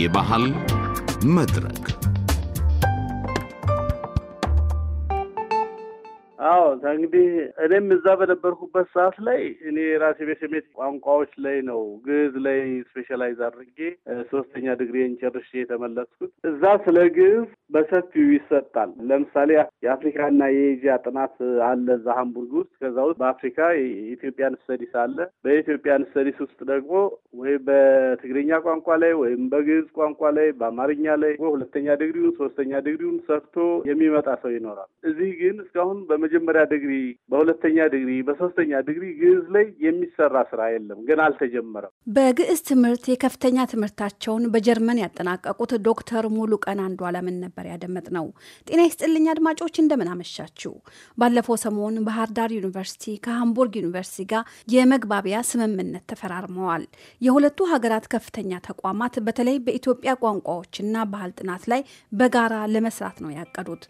የባህል መድረክ እንግዲህ እኔም እዛ በነበርኩበት ሰዓት ላይ እኔ ራሴ በስሜት ቋንቋዎች ላይ ነው ግዕዝ ላይ ስፔሻላይዝ አድርጌ ሶስተኛ ዲግሪን ጨርሼ የተመለስኩት። እዛ ስለ ግዕዝ በሰፊው ይሰጣል። ለምሳሌ የአፍሪካና የኤዥያ ጥናት አለ እዛ ሀምቡርግ ውስጥ። ከዛ ውስጥ በአፍሪካ የኢትዮጵያን ስተዲስ አለ። በኢትዮጵያን ስተዲስ ውስጥ ደግሞ ወይ በትግርኛ ቋንቋ ላይ ወይም በግዕዝ ቋንቋ ላይ በአማርኛ ላይ ሁለተኛ ዲግሪውን ሶስተኛ ዲግሪውን ሰርቶ የሚመጣ ሰው ይኖራል። እዚህ ግን እስካሁን በመጀመሪያ ዲግሪ፣ በሁለተኛ ዲግሪ፣ በሶስተኛ ዲግሪ ግዕዝ ላይ የሚሰራ ስራ የለም፣ ግን አልተጀመረም። በግዕዝ ትምህርት የከፍተኛ ትምህርታቸውን በጀርመን ያጠናቀቁት ዶክተር ሙሉ አንዱ አለምን ነበር ያደመጥ ነው። ጤና ይስጥልኝ አድማጮች፣ እንደምን አመሻችሁ። ባለፈው ሰሞን ባህር ዳር ዩኒቨርሲቲ ከሃምቡርግ ዩኒቨርሲቲ ጋር የመግባቢያ ስምምነት ተፈራርመዋል። የሁለቱ ሀገራት ከፍተኛ ተቋማት በተለይ በኢትዮጵያ ቋንቋዎችና ባህል ጥናት ላይ በጋራ ለመስራት ነው ያቀዱት።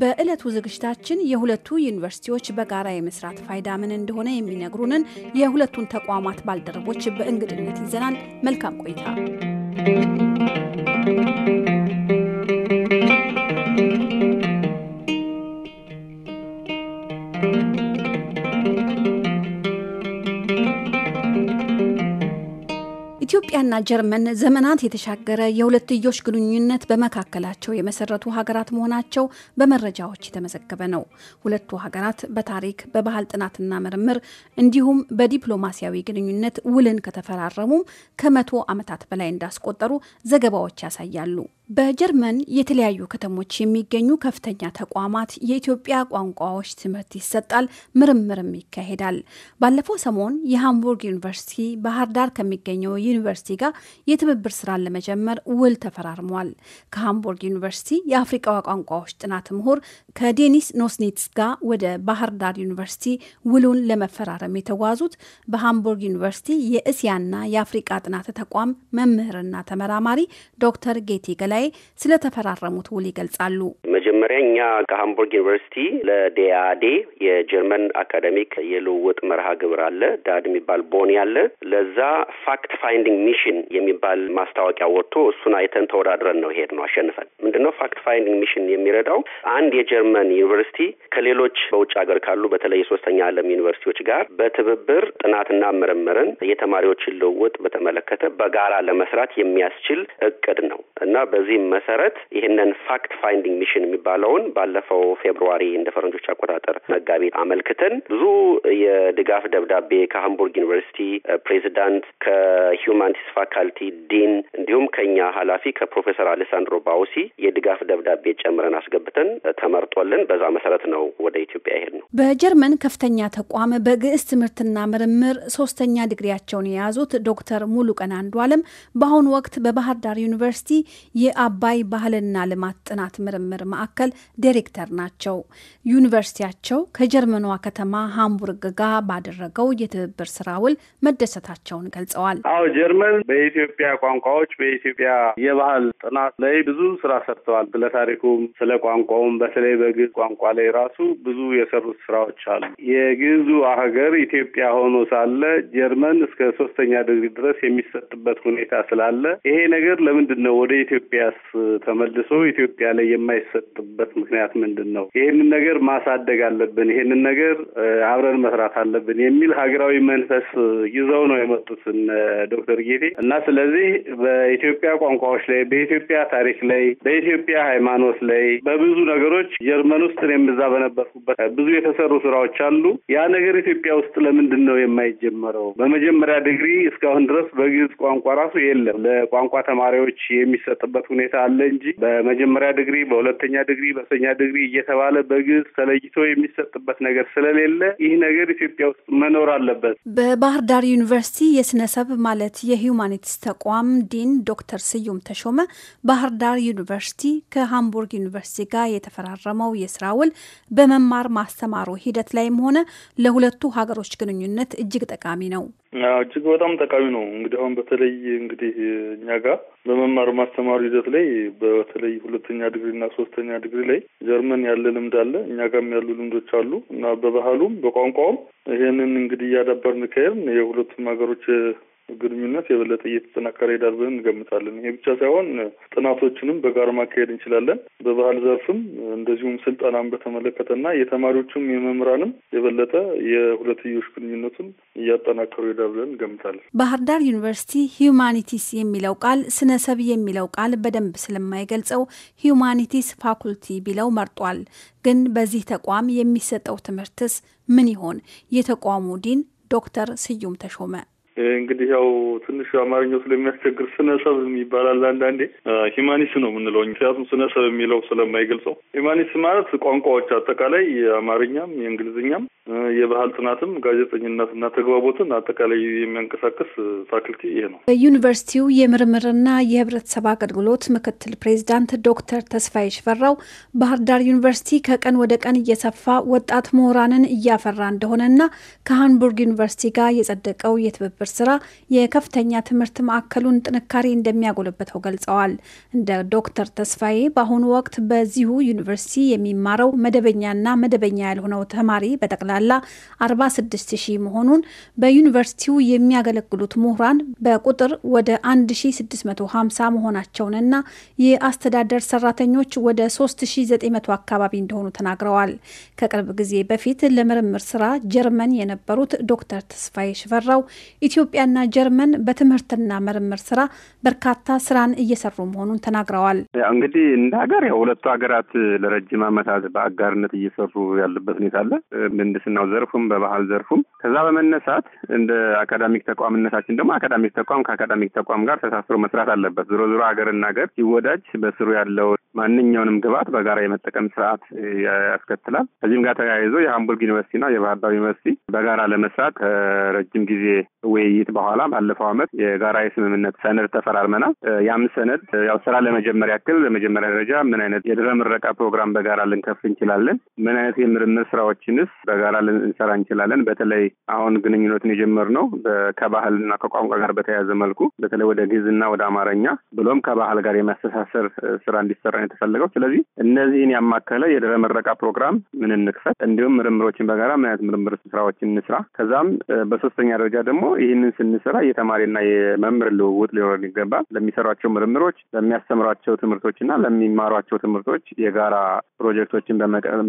በዕለቱ ዝግጅታችን የሁለቱ ዩኒቨርሲቲዎች በጋራ የመስራት ፋይዳ ምን እንደሆነ የሚነግሩንን የሁለቱን ተቋማት ባልደረቦች በእንግድነት ይዘናል። መልካም ቆይታ። ኢትዮጵያና ጀርመን ዘመናት የተሻገረ የሁለትዮሽ ግንኙነት በመካከላቸው የመሰረቱ ሀገራት መሆናቸው በመረጃዎች የተመዘገበ ነው። ሁለቱ ሀገራት በታሪክ በባህል ጥናትና ምርምር እንዲሁም በዲፕሎማሲያዊ ግንኙነት ውልን ከተፈራረሙም ከመቶ ዓመታት በላይ እንዳስቆጠሩ ዘገባዎች ያሳያሉ። በጀርመን የተለያዩ ከተሞች የሚገኙ ከፍተኛ ተቋማት የኢትዮጵያ ቋንቋዎች ትምህርት ይሰጣል፣ ምርምርም ይካሄዳል። ባለፈው ሰሞን የሃምቡርግ ዩኒቨርሲቲ ባህር ዳር ከሚገኘው ዩኒቨርሲቲ ዩኒቨርሲቲ ጋር የትብብር ስራን ለመጀመር ውል ተፈራርመዋል። ከሃምቡርግ ዩኒቨርሲቲ የአፍሪቃ ቋንቋዎች ጥናት ምሁር ከዴኒስ ኖስኒትስ ጋር ወደ ባህር ዳር ዩኒቨርሲቲ ውሉን ለመፈራረም የተጓዙት በሃምቡርግ ዩኒቨርሲቲ የእስያና የአፍሪቃ ጥናት ተቋም መምህርና ተመራማሪ ዶክተር ጌቴ ገላይ ስለተፈራረሙት ውል ይገልጻሉ። መጀመሪያ እኛ ከሃምቡርግ ዩኒቨርሲቲ ለዲአዴ የጀርመን አካደሚክ የልውውጥ መርሃ ግብር አለ ዳድ የሚባል ቦኒ አለ። ለዛ ፋክት ፋይንዲንግ ሚሽን የሚባል ማስታወቂያ ወጥቶ እሱን አይተን ተወዳድረን ነው ሄድ ነው አሸንፈን። ነው ፋክት ፋይንዲንግ ሚሽን የሚረዳው አንድ የጀርመን ዩኒቨርሲቲ ከሌሎች በውጭ ሀገር ካሉ በተለይ የሶስተኛ ዓለም ዩኒቨርሲቲዎች ጋር በትብብር ጥናትና ምርምርን የተማሪዎችን ልውውጥ በተመለከተ በጋራ ለመስራት የሚያስችል እቅድ ነው እና በዚህም መሰረት ይህንን ፋክት ፋይንዲንግ ሚሽን የሚባለውን ባለፈው ፌብሩዋሪ እንደ ፈረንጆች አቆጣጠር መጋቢት አመልክተን ብዙ የድጋፍ ደብዳቤ ከሀምቡርግ ዩኒቨርሲቲ ፕሬዚዳንት ከሂውማን የፊዚክስ ፋካልቲ ዲን እንዲሁም ከኛ ኃላፊ ከፕሮፌሰር አሌሳንድሮ ባውሲ የድጋፍ ደብዳቤ ጨምረን አስገብተን ተመርጦልን በዛ መሰረት ነው ወደ ኢትዮጵያ ይሄድ ነው። በጀርመን ከፍተኛ ተቋም በግዕዝ ትምህርትና ምርምር ሶስተኛ ዲግሪያቸውን የያዙት ዶክተር ሙሉቀን አንዱ አለም በአሁኑ ወቅት በባህር ዳር ዩኒቨርሲቲ የአባይ ባህልና ልማት ጥናት ምርምር ማዕከል ዲሬክተር ናቸው። ዩኒቨርሲቲያቸው ከጀርመኗ ከተማ ሃምቡርግ ጋር ባደረገው የትብብር ስራ ውል መደሰታቸውን ገልጸዋል። አዎ ጀርመን በኢትዮጵያ ቋንቋዎች በኢትዮጵያ የባህል ጥናት ላይ ብዙ ስራ ሰርተዋል። ስለ ታሪኩም ስለ ቋንቋውም በተለይ በግዕዝ ቋንቋ ላይ ራሱ ብዙ የሰሩት ስራዎች አሉ። የግዕዙ ሀገር ኢትዮጵያ ሆኖ ሳለ ጀርመን እስከ ሶስተኛ ዲግሪ ድረስ የሚሰጥበት ሁኔታ ስላለ ይሄ ነገር ለምንድን ነው ወደ ኢትዮጵያስ ተመልሶ ኢትዮጵያ ላይ የማይሰጥበት ምክንያት ምንድን ነው? ይህንን ነገር ማሳደግ አለብን፣ ይህንን ነገር አብረን መስራት አለብን የሚል ሀገራዊ መንፈስ ይዘው ነው የመጡት ዶክተር ጌቴ እና ስለዚህ በኢትዮጵያ ቋንቋዎች ላይ፣ በኢትዮጵያ ታሪክ ላይ፣ በኢትዮጵያ ሃይማኖት ላይ፣ በብዙ ነገሮች ጀርመን ውስጥ እኔም እዛ በነበርኩበት ብዙ የተሰሩ ስራዎች አሉ። ያ ነገር ኢትዮጵያ ውስጥ ለምንድን ነው የማይጀመረው? በመጀመሪያ ዲግሪ እስካሁን ድረስ በግዕዝ ቋንቋ ራሱ የለም። ለቋንቋ ተማሪዎች የሚሰጥበት ሁኔታ አለ እንጂ በመጀመሪያ ዲግሪ፣ በሁለተኛ ዲግሪ፣ በሶስተኛ ዲግሪ እየተባለ በግዕዝ ተለይቶ የሚሰጥበት ነገር ስለሌለ ይህ ነገር ኢትዮጵያ ውስጥ መኖር አለበት። በባህር ዳር ዩኒቨርሲቲ የስነሰብ ማለት የሂ የሁማኒቲስ ተቋም ዲን ዶክተር ስዩም ተሾመ ባህር ዳር ዩኒቨርሲቲ ከሃምቡርግ ዩኒቨርሲቲ ጋር የተፈራረመው የስራ ውል በመማር ማስተማሩ ሂደት ላይም ሆነ ለሁለቱ ሀገሮች ግንኙነት እጅግ ጠቃሚ ነው። እጅግ በጣም ጠቃሚ ነው። እንግዲህ አሁን በተለይ እንግዲህ እኛ ጋር በመማር ማስተማሩ ሂደት ላይ በተለይ ሁለተኛ ዲግሪ እና ሶስተኛ ዲግሪ ላይ ጀርመን ያለ ልምድ አለ፣ እኛ ጋም ያሉ ልምዶች አሉ እና በባህሉም በቋንቋውም ይህንን እንግዲህ እያዳበርን ከሄድን የሁለቱም ሀገሮች ግንኙነት የበለጠ እየተጠናከረ ይሄዳል ብለን እንገምታለን። ይሄ ብቻ ሳይሆን ጥናቶችንም በጋር ማካሄድ እንችላለን። በባህል ዘርፍም እንደዚሁም ስልጠናን እና የተማሪዎችም የመምህራንም የበለጠ የሁለትዮሽ ግንኙነቱን እያጠናከሩ ይሄዳል ብለን እንገምታለን። ባህር ዳር ዩኒቨርሲቲ ሂዩማኒቲስ የሚለው ቃል ስነሰብ የሚለው ቃል በደንብ ስለማይገልጸው ሂዩማኒቲስ ፋኩልቲ ቢለው መርጧል። ግን በዚህ ተቋም የሚሰጠው ትምህርትስ ምን ይሆን? የተቋሙ ዲን ዶክተር ስዩም ተሾመ እንግዲህ ያው ትንሽ አማርኛው ስለሚያስቸግር ስነሰብ የሚባላል አንዳንዴ ሂማኒስ ነው የምንለው። ምክንያቱም ስነሰብ የሚለው ስለማይገልጸው ሂማኒስ ማለት ቋንቋዎች አጠቃላይ የአማርኛም፣ የእንግሊዝኛም፣ የባህል ጥናትም፣ ጋዜጠኝነትና ተግባቦትን አጠቃላይ የሚያንቀሳቅስ ፋክልቲ ይሄ ነው። በዩኒቨርሲቲው የምርምርና የህብረተሰብ አገልግሎት ምክትል ፕሬዚዳንት ዶክተር ተስፋዬ ሽፈራው ባህር ዳር ዩኒቨርሲቲ ከቀን ወደ ቀን እየሰፋ ወጣት ምሁራንን እያፈራ እንደሆነና ከሃንቡርግ ዩኒቨርሲቲ ጋር የጸደቀው የትብብር ትብብር ስራ የከፍተኛ ትምህርት ማዕከሉን ጥንካሬ እንደሚያጎለብተው ገልጸዋል። እንደ ዶክተር ተስፋዬ በአሁኑ ወቅት በዚሁ ዩኒቨርሲቲ የሚማረው መደበኛና መደበኛ ያልሆነው ተማሪ በጠቅላላ 46 ሺህ መሆኑን በዩኒቨርሲቲው የሚያገለግሉት ምሁራን በቁጥር ወደ 1650 መሆናቸውንና የአስተዳደር ሰራተኞች ወደ 3900 አካባቢ እንደሆኑ ተናግረዋል። ከቅርብ ጊዜ በፊት ለምርምር ስራ ጀርመን የነበሩት ዶክተር ተስፋዬ ሽፈራው ኢትዮጵያና ጀርመን በትምህርትና ምርምር ስራ በርካታ ስራን እየሰሩ መሆኑን ተናግረዋል። እንግዲህ እንደ ሀገር ያው ሁለቱ ሀገራት ለረጅም ዓመታት በአጋርነት እየሰሩ ያለበት ሁኔታ አለ። ምህንድስናው ዘርፉም በባህል ዘርፉም ከዛ በመነሳት እንደ አካዳሚክ ተቋምነታችን ደግሞ አካዳሚክ ተቋም ከአካዳሚክ ተቋም ጋር ተሳስሮ መስራት አለበት። ዞሮ ዞሮ ሀገርና ሀገር ሲወዳጅ በስሩ ያለው ማንኛውንም ግብዓት በጋራ የመጠቀም ስርዓት ያስከትላል። ከዚህም ጋር ተያይዞ የሀምቡርግ ዩኒቨርሲቲና የባህር ዳር ዩኒቨርሲቲ በጋራ ለመስራት ከረጅም ጊዜ ውይይት በኋላ ባለፈው ዓመት የጋራ የስምምነት ሰነድ ተፈራርመናል። ያም ሰነድ ያው ስራ ለመጀመር ያክል ለመጀመሪያ ደረጃ ምን አይነት የድህረ ምረቃ ፕሮግራም በጋራ ልንከፍ እንችላለን፣ ምን አይነት የምርምር ስራዎችንስ በጋራ ልንሰራ እንችላለን፣ በተለይ አሁን ግንኙነቱን የጀመርነው ከባህልና ከቋንቋ ጋር በተያያዘ መልኩ በተለይ ወደ ግዕዝና ወደ አማርኛ ብሎም ከባህል ጋር የሚያስተሳሰር ስራ እንዲሰራ ነው የተፈለገው። ስለዚህ እነዚህን ያማከለ የድረ ምረቃ ፕሮግራም ምን እንክፈት፣ እንዲሁም ምርምሮችን በጋራ ምን አይነት ምርምር ስራዎችን እንስራ። ከዛም በሶስተኛ ደረጃ ደግሞ ይህንን ስንሰራ የተማሪና የመምህር ልውውጥ ሊኖረን ይገባል። ለሚሰሯቸው ምርምሮች፣ ለሚያስተምሯቸው ትምህርቶች እና ለሚማሯቸው ትምህርቶች የጋራ ፕሮጀክቶችን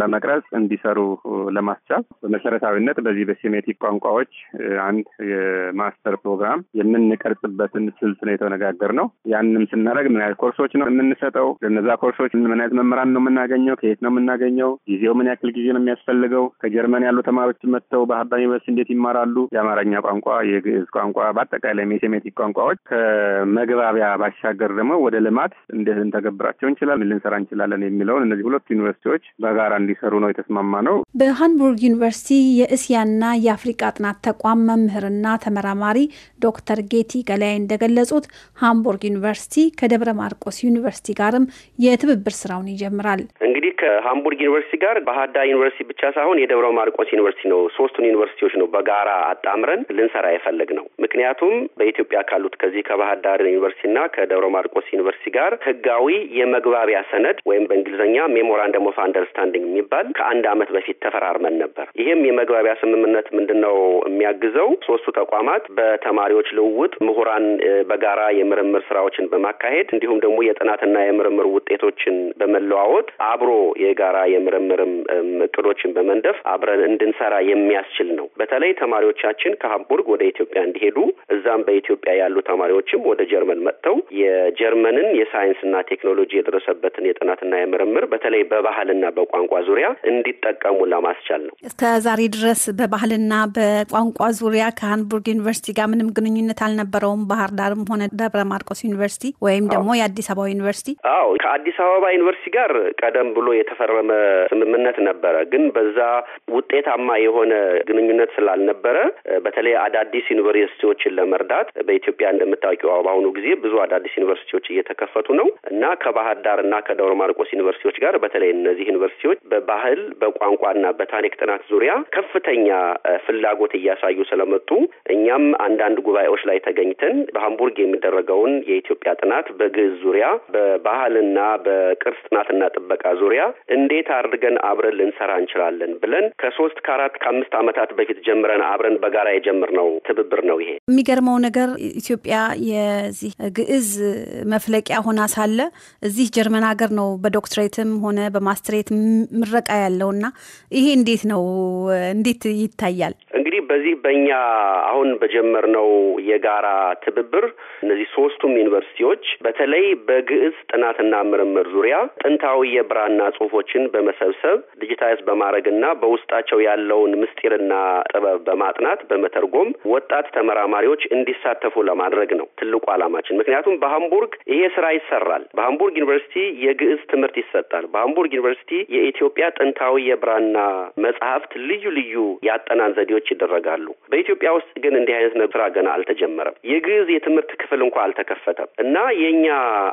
በመቅረጽ እንዲሰሩ ለማስቻል በመሰረታዊነት በዚህ በሴሜ በሴሚቲክ ቋንቋዎች አንድ የማስተር ፕሮግራም የምንቀርጽበትን ስልት ነው የተነጋገርነው። ያንንም ስናደርግ ምን አይነት ኮርሶች ነው የምንሰጠው፣ ለነዛ ኮርሶች ምን አይነት መምህራን ነው የምናገኘው፣ ከየት ነው የምናገኘው፣ ጊዜው ምን ያክል ጊዜ ነው የሚያስፈልገው፣ ከጀርመን ያሉ ተማሪዎች መጥተው በሀባ ዩኒቨርስቲ እንዴት ይማራሉ፣ የአማርኛ ቋንቋ፣ የግዕዝ ቋንቋ፣ በአጠቃላይ የሴሜቲክ ቋንቋዎች ከመግባቢያ ባሻገር ደግሞ ወደ ልማት እንዴት ልንተገብራቸው እንችላለን፣ ልንሰራ እንችላለን የሚለውን እነዚህ ሁለቱ ዩኒቨርሲቲዎች በጋራ እንዲሰሩ ነው የተስማማ ነው። በሃንቡርግ ዩኒቨርሲቲ የእስያና ያ የአፍሪቃ ጥናት ተቋም መምህርና ተመራማሪ ዶክተር ጌቲ ገላይ እንደገለጹት ሃምቡርግ ዩኒቨርሲቲ ከደብረ ማርቆስ ዩኒቨርሲቲ ጋርም የትብብር ስራውን ይጀምራል። እንግዲህ ከሃምቡርግ ዩኒቨርሲቲ ጋር ባህርዳር ዩኒቨርሲቲ ብቻ ሳይሆን የደብረ ማርቆስ ዩኒቨርሲቲ ነው። ሶስቱን ዩኒቨርሲቲዎች ነው በጋራ አጣምረን ልንሰራ የፈለግ ነው። ምክንያቱም በኢትዮጵያ ካሉት ከዚህ ከባህር ዳር ዩኒቨርሲቲና ከደብረ ማርቆስ ዩኒቨርሲቲ ጋር ህጋዊ የመግባቢያ ሰነድ ወይም በእንግሊዝኛ ሜሞራንደም ኦፍ አንደርስታንዲንግ የሚባል ከአንድ አመት በፊት ተፈራርመን ነበር። ይህም የመግባቢያ ስምምነት ምን ምንድን ነው የሚያግዘው? ሶስቱ ተቋማት በተማሪዎች ልውውጥ ምሁራን በጋራ የምርምር ስራዎችን በማካሄድ እንዲሁም ደግሞ የጥናትና የምርምር ውጤቶችን በመለዋወጥ አብሮ የጋራ የምርምርም እቅዶችን በመንደፍ አብረን እንድንሰራ የሚያስችል ነው። በተለይ ተማሪዎቻችን ከሀምቡርግ ወደ ኢትዮጵያ እንዲሄዱ እዛም በኢትዮጵያ ያሉ ተማሪዎችም ወደ ጀርመን መጥተው የጀርመንን የሳይንስና ቴክኖሎጂ የደረሰበትን የጥናትና የምርምር በተለይ በባህልና በቋንቋ ዙሪያ እንዲጠቀሙ ለማስቻል ነው። እስከ ዛሬ ድረስ በባህልና በቋንቋ ዙሪያ ከሃንቡርግ ዩኒቨርሲቲ ጋር ምንም ግንኙነት አልነበረውም። ባህር ዳርም ሆነ ደብረ ማርቆስ ዩኒቨርሲቲ ወይም ደግሞ የአዲስ አበባ ዩኒቨርሲቲ። አዎ ከአዲስ አበባ ዩኒቨርሲቲ ጋር ቀደም ብሎ የተፈረመ ስምምነት ነበረ። ግን በዛ ውጤታማ የሆነ ግንኙነት ስላልነበረ በተለይ አዳዲስ ዩኒቨርሲቲዎችን ለመርዳት በኢትዮጵያ እንደምታውቂው በአሁኑ ጊዜ ብዙ አዳዲስ ዩኒቨርሲቲዎች እየተከፈቱ ነው እና ከባህር ዳር እና ከደብረ ማርቆስ ዩኒቨርሲቲዎች ጋር በተለይ እነዚህ ዩኒቨርሲቲዎች በባህል በቋንቋና በታሪክ ጥናት ዙሪያ ከፍተኛ ፍላጎት እያሳዩ ስለመጡ እኛም አንዳንድ ጉባኤዎች ላይ ተገኝተን በሀምቡርግ የሚደረገውን የኢትዮጵያ ጥናት በግዕዝ ዙሪያ በባህልና በቅርስ ጥናትና ጥበቃ ዙሪያ እንዴት አድርገን አብረን ልንሰራ እንችላለን ብለን ከሶስት ከአራት ከአምስት ዓመታት በፊት ጀምረን አብረን በጋራ የጀመርነው ትብብር ነው። ይሄ የሚገርመው ነገር ኢትዮጵያ የዚህ ግዕዝ መፍለቂያ ሆና ሳለ እዚህ ጀርመን ሀገር ነው በዶክትሬትም ሆነ በማስትሬት ምረቃ ያለውና ይሄ እንዴት ነው እንዴት ይታያል? And እንግዲህ በዚህ በእኛ አሁን በጀመርነው የጋራ ትብብር እነዚህ ሶስቱም ዩኒቨርሲቲዎች በተለይ በግዕዝ ጥናትና ምርምር ዙሪያ ጥንታዊ የብራና ጽሁፎችን በመሰብሰብ ዲጂታይዝ በማድረግና በውስጣቸው ያለውን ምስጢርና ጥበብ በማጥናት በመተርጎም ወጣት ተመራማሪዎች እንዲሳተፉ ለማድረግ ነው ትልቁ አላማችን። ምክንያቱም በሀምቡርግ ይሄ ስራ ይሰራል። በሃምቡርግ ዩኒቨርሲቲ የግዕዝ ትምህርት ይሰጣል። በሃምቡርግ ዩኒቨርሲቲ የኢትዮጵያ ጥንታዊ የብራና መጽሐፍት ልዩ ልዩ ያጠናን ዘዴዎች ይደ ይደረጋሉ። በኢትዮጵያ ውስጥ ግን እንዲህ አይነት ስራ ገና አልተጀመረም። የግዕዝ የትምህርት ክፍል እንኳ አልተከፈተም እና የእኛ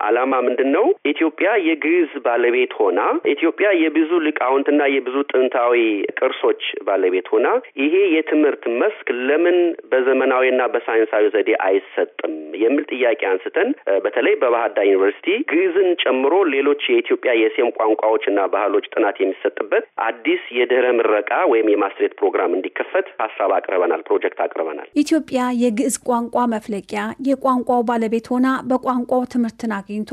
አላማ ምንድን ነው? ኢትዮጵያ የግዕዝ ባለቤት ሆና ኢትዮጵያ የብዙ ልቃውንትና የብዙ ጥንታዊ ቅርሶች ባለቤት ሆና ይሄ የትምህርት መስክ ለምን በዘመናዊና በሳይንሳዊ ዘዴ አይሰጥም የሚል ጥያቄ አንስተን በተለይ በባህርዳር ዩኒቨርሲቲ ግዕዝን ጨምሮ ሌሎች የኢትዮጵያ የሴም ቋንቋዎችና ባህሎች ጥናት የሚሰጥበት አዲስ የድህረ ምረቃ ወይም የማስትሬት ፕሮግራም እንዲከፈት አስራ ሀሳብ አቅርበናል፣ ፕሮጀክት አቅርበናል። ኢትዮጵያ የግዕዝ ቋንቋ መፍለቂያ የቋንቋው ባለቤት ሆና በቋንቋው ትምህርትን አግኝቶ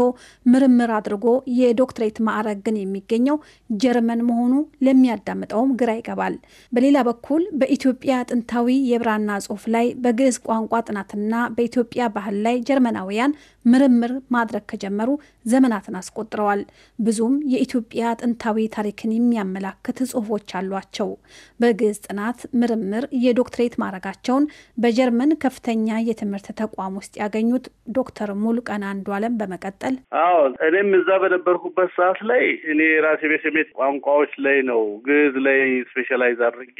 ምርምር አድርጎ የዶክትሬት ማዕረግ ግን የሚገኘው ጀርመን መሆኑ ለሚያዳምጠውም ግራ ይገባል። በሌላ በኩል በኢትዮጵያ ጥንታዊ የብራና ጽሑፍ ላይ በግዕዝ ቋንቋ ጥናትና በኢትዮጵያ ባህል ላይ ጀርመናውያን ምርምር ማድረግ ከጀመሩ ዘመናትን አስቆጥረዋል። ብዙም የኢትዮጵያ ጥንታዊ ታሪክን የሚያመላክት ጽሑፎች አሏቸው። በግዕዝ ጥናት ምርምር የዶክትሬት ማድረጋቸውን በጀርመን ከፍተኛ የትምህርት ተቋም ውስጥ ያገኙት ዶክተር ሙሉቀን አለም በመቀጠል አዎ እኔም እዛ በነበርኩበት ሰዓት ላይ እኔ ራሴ በስሜት ቋንቋዎች ላይ ነው ግዕዝ ላይ ስፔሻላይዝ አድርጌ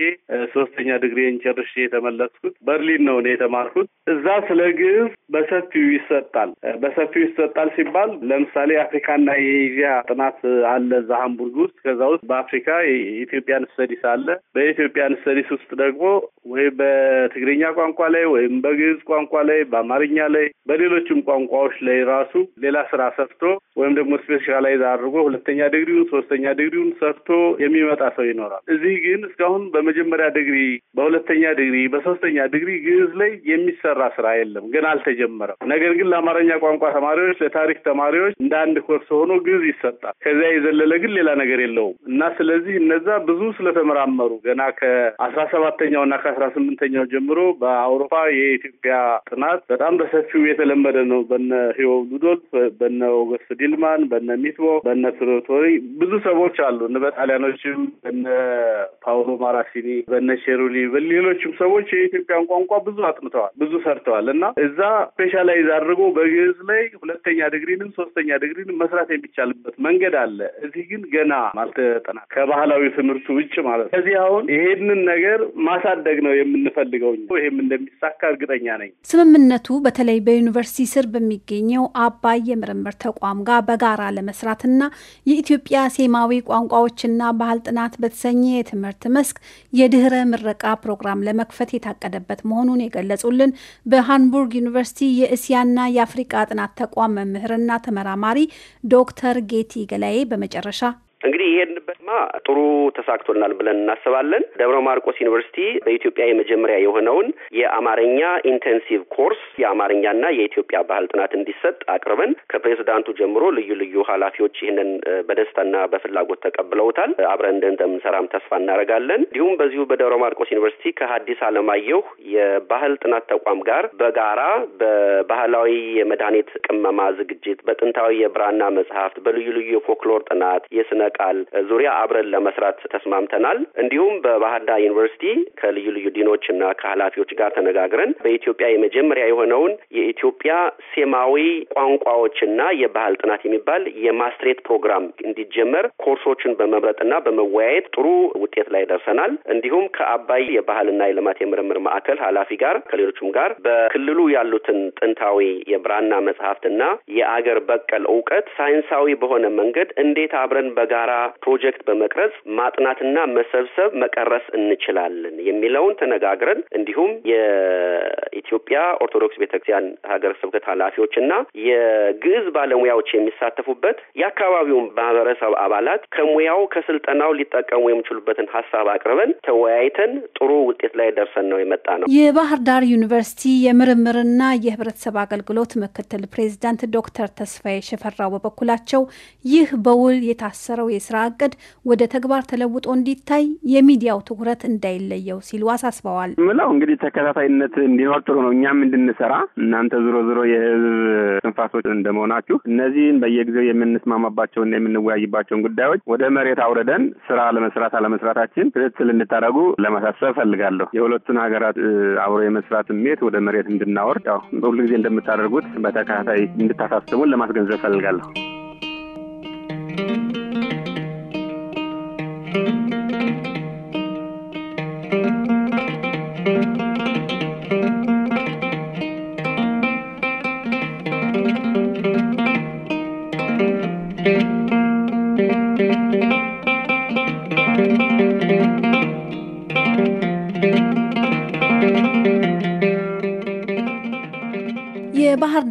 ሶስተኛ ዲግሪን ጨርሼ የተመለስኩት በርሊን ነው እኔ የተማርኩት። እዛ ስለ ግዕዝ በሰፊው ይሰጣል። በሰፊው ይሰጣል ሲባል ለምሳሌ አፍሪካና የኤዥያ ጥናት አለ እዛ ሃምቡርግ ውስጥ። ከዛ ውስጥ በአፍሪካ የኢትዮጵያን ስተዲስ አለ። በኢትዮጵያን ስተዲስ ውስጥ ደግሞ ወይ በትግርኛ ቋንቋ ላይ ወይም በግዕዝ ቋንቋ ላይ በአማርኛ ላይ በሌሎችም ቋንቋዎች ላይ ራሱ ሌላ ስራ ሰርቶ ወይም ደግሞ ስፔሻላይዝ አድርጎ ሁለተኛ ዲግሪውን ሶስተኛ ዲግሪውን ሰርቶ የሚመጣ ሰው ይኖራል። እዚህ ግን እስካሁን በመጀመሪያ ዲግሪ፣ በሁለተኛ ዲግሪ፣ በሶስተኛ ዲግሪ ግዕዝ ላይ የሚሰራ ስራ የለም፣ ገና አልተጀመረም። ነገር ግን ለአማርኛ ቋንቋ ተማሪዎች፣ ለታሪክ ተማሪዎች እንደ አንድ ኮርስ ሆኖ ግዕዝ ይሰጣል። ከዚያ የዘለለ ግን ሌላ ነገር የለውም እና ስለዚህ እነዛ ብዙ ስለተመራመሩ ገና ከአስራ ሰባተኛውና ከአስራ ስምንተኛው ጀምሮ በአውሮፓ የኢትዮጵያ ጥናት በጣም በሰፊው የተለመደ ነው። በነ ህዮ ሉዶልፍ፣ በነ ኦገስት ዲልማን፣ በነ ሚትቦ፣ በነ ትሮቶሪ ብዙ ሰዎች አሉ። እነ በጣሊያኖችም በነ ፓውሎ ማራሲኒ፣ በነ ሼሩሊ፣ በሌሎችም ሰዎች የኢትዮጵያን ቋንቋ ብዙ አጥምተዋል፣ ብዙ ሰርተዋል እና እዛ ስፔሻላይዝ አድርጎ በግዕዝ ላይ ሁለተኛ ዲግሪንም ሶስተኛ ዲግሪንም መስራት የሚቻልበት መንገድ አለ። እዚህ ግን ገና አልተጠና ከባህላዊ ትምህርቱ ውጭ ማለት ነው። ከዚህ አሁን ይሄንን ነገር ማሳደግ ማድረግ ነው የምንፈልገው። ይህም እንደሚሳካ እርግጠኛ ነኝ። ስምምነቱ በተለይ በዩኒቨርሲቲ ስር በሚገኘው አባይ የምርምር ተቋም ጋር በጋራ ለመስራትና የኢትዮጵያ ሴማዊ ቋንቋዎችና ባህል ጥናት በተሰኘ የትምህርት መስክ የድህረ ምረቃ ፕሮግራም ለመክፈት የታቀደበት መሆኑን የገለጹልን በሃንቡርግ ዩኒቨርሲቲ የእስያና የአፍሪቃ ጥናት ተቋም መምህርና ተመራማሪ ዶክተር ጌቲ ገላዬ በመጨረሻ እንግዲህ የሄድንበትማ ጥሩ ተሳክቶናል ብለን እናስባለን። ደብረ ማርቆስ ዩኒቨርሲቲ በኢትዮጵያ የመጀመሪያ የሆነውን የአማርኛ ኢንቴንሲቭ ኮርስ የአማርኛና የኢትዮጵያ ባህል ጥናት እንዲሰጥ አቅርበን ከፕሬዚዳንቱ ጀምሮ ልዩ ልዩ ኃላፊዎች ይህንን በደስታና በፍላጎት ተቀብለውታል። አብረን እንደምንሰራም ተስፋ እናደርጋለን። እንዲሁም በዚሁ በደብረ ማርቆስ ዩኒቨርሲቲ ከሀዲስ አለማየሁ የባህል ጥናት ተቋም ጋር በጋራ በባህላዊ የመድኃኒት ቅመማ ዝግጅት፣ በጥንታዊ የብራና መጽሐፍት፣ በልዩ ልዩ የፎክሎር ጥናት የስነ ቃል ዙሪያ አብረን ለመስራት ተስማምተናል። እንዲሁም በባህርዳር ዩኒቨርሲቲ ከልዩ ልዩ ዲኖች እና ከኃላፊዎች ጋር ተነጋግረን በኢትዮጵያ የመጀመሪያ የሆነውን የኢትዮጵያ ሴማዊ ቋንቋዎችና የባህል ጥናት የሚባል የማስትሬት ፕሮግራም እንዲጀመር ኮርሶችን በመምረጥና በመወያየት ጥሩ ውጤት ላይ ደርሰናል። እንዲሁም ከአባይ የባህልና የልማት የምርምር ማዕከል ኃላፊ ጋር ከሌሎችም ጋር በክልሉ ያሉትን ጥንታዊ የብራና መጽሐፍትና የአገር በቀል እውቀት ሳይንሳዊ በሆነ መንገድ እንዴት አብረን በጋ የጋራ ፕሮጀክት በመቅረጽ ማጥናትና መሰብሰብ፣ መቀረስ እንችላለን የሚለውን ተነጋግረን እንዲሁም የኢትዮጵያ ኦርቶዶክስ ቤተክርስቲያን ሀገረ ስብከት ኃላፊዎችና የግዕዝ ባለሙያዎች የሚሳተፉበት የአካባቢውን ማህበረሰብ አባላት ከሙያው ከስልጠናው ሊጠቀሙ የሚችሉበትን ሀሳብ አቅርበን ተወያይተን ጥሩ ውጤት ላይ ደርሰን ነው የመጣ ነው። የባህር ዳር ዩኒቨርሲቲ የምርምርና የህብረተሰብ አገልግሎት ምክትል ፕሬዚዳንት ዶክተር ተስፋዬ ሸፈራው በበኩላቸው ይህ በውል የታሰረው የስራ እቅድ ወደ ተግባር ተለውጦ እንዲታይ የሚዲያው ትኩረት እንዳይለየው ሲሉ አሳስበዋል። ምለው እንግዲህ ተከታታይነት እንዲኖር ጥሩ ነው። እኛም እንድንሰራ እናንተ ዞሮ ዞሮ የህዝብ ትንፋሶች እንደመሆናችሁ እነዚህን በየጊዜው የምንስማማባቸውና የምንወያይባቸውን ጉዳዮች ወደ መሬት አውረደን ስራ ለመስራት አለመስራታችን ክትትል እንድታደርጉ ለማሳሰብ ፈልጋለሁ። የሁለቱን ሀገራት አብሮ የመስራት ስሜት ወደ መሬት እንድናወርድ ያው ሁሉ ጊዜ እንደምታደርጉት በተከታታይ እንድታሳስቡን ለማስገንዘብ ፈልጋለሁ።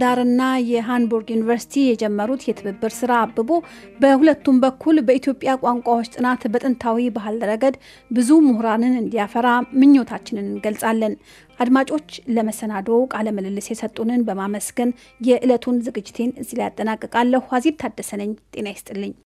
ዳርና የሃንቡርግ ዩኒቨርሲቲ የጀመሩት የትብብር ስራ አብቦ በሁለቱም በኩል በኢትዮጵያ ቋንቋዎች ጥናት በጥንታዊ ባህል ረገድ ብዙ ምሁራንን እንዲያፈራ ምኞታችንን እንገልጻለን። አድማጮች፣ ለመሰናዶ ቃለ ምልልስ የሰጡንን በማመስገን የዕለቱን ዝግጅቴን እዚህ ላይ ያጠናቅቃለሁ። አዚብ ታደሰነኝ ጤና ይስጥልኝ።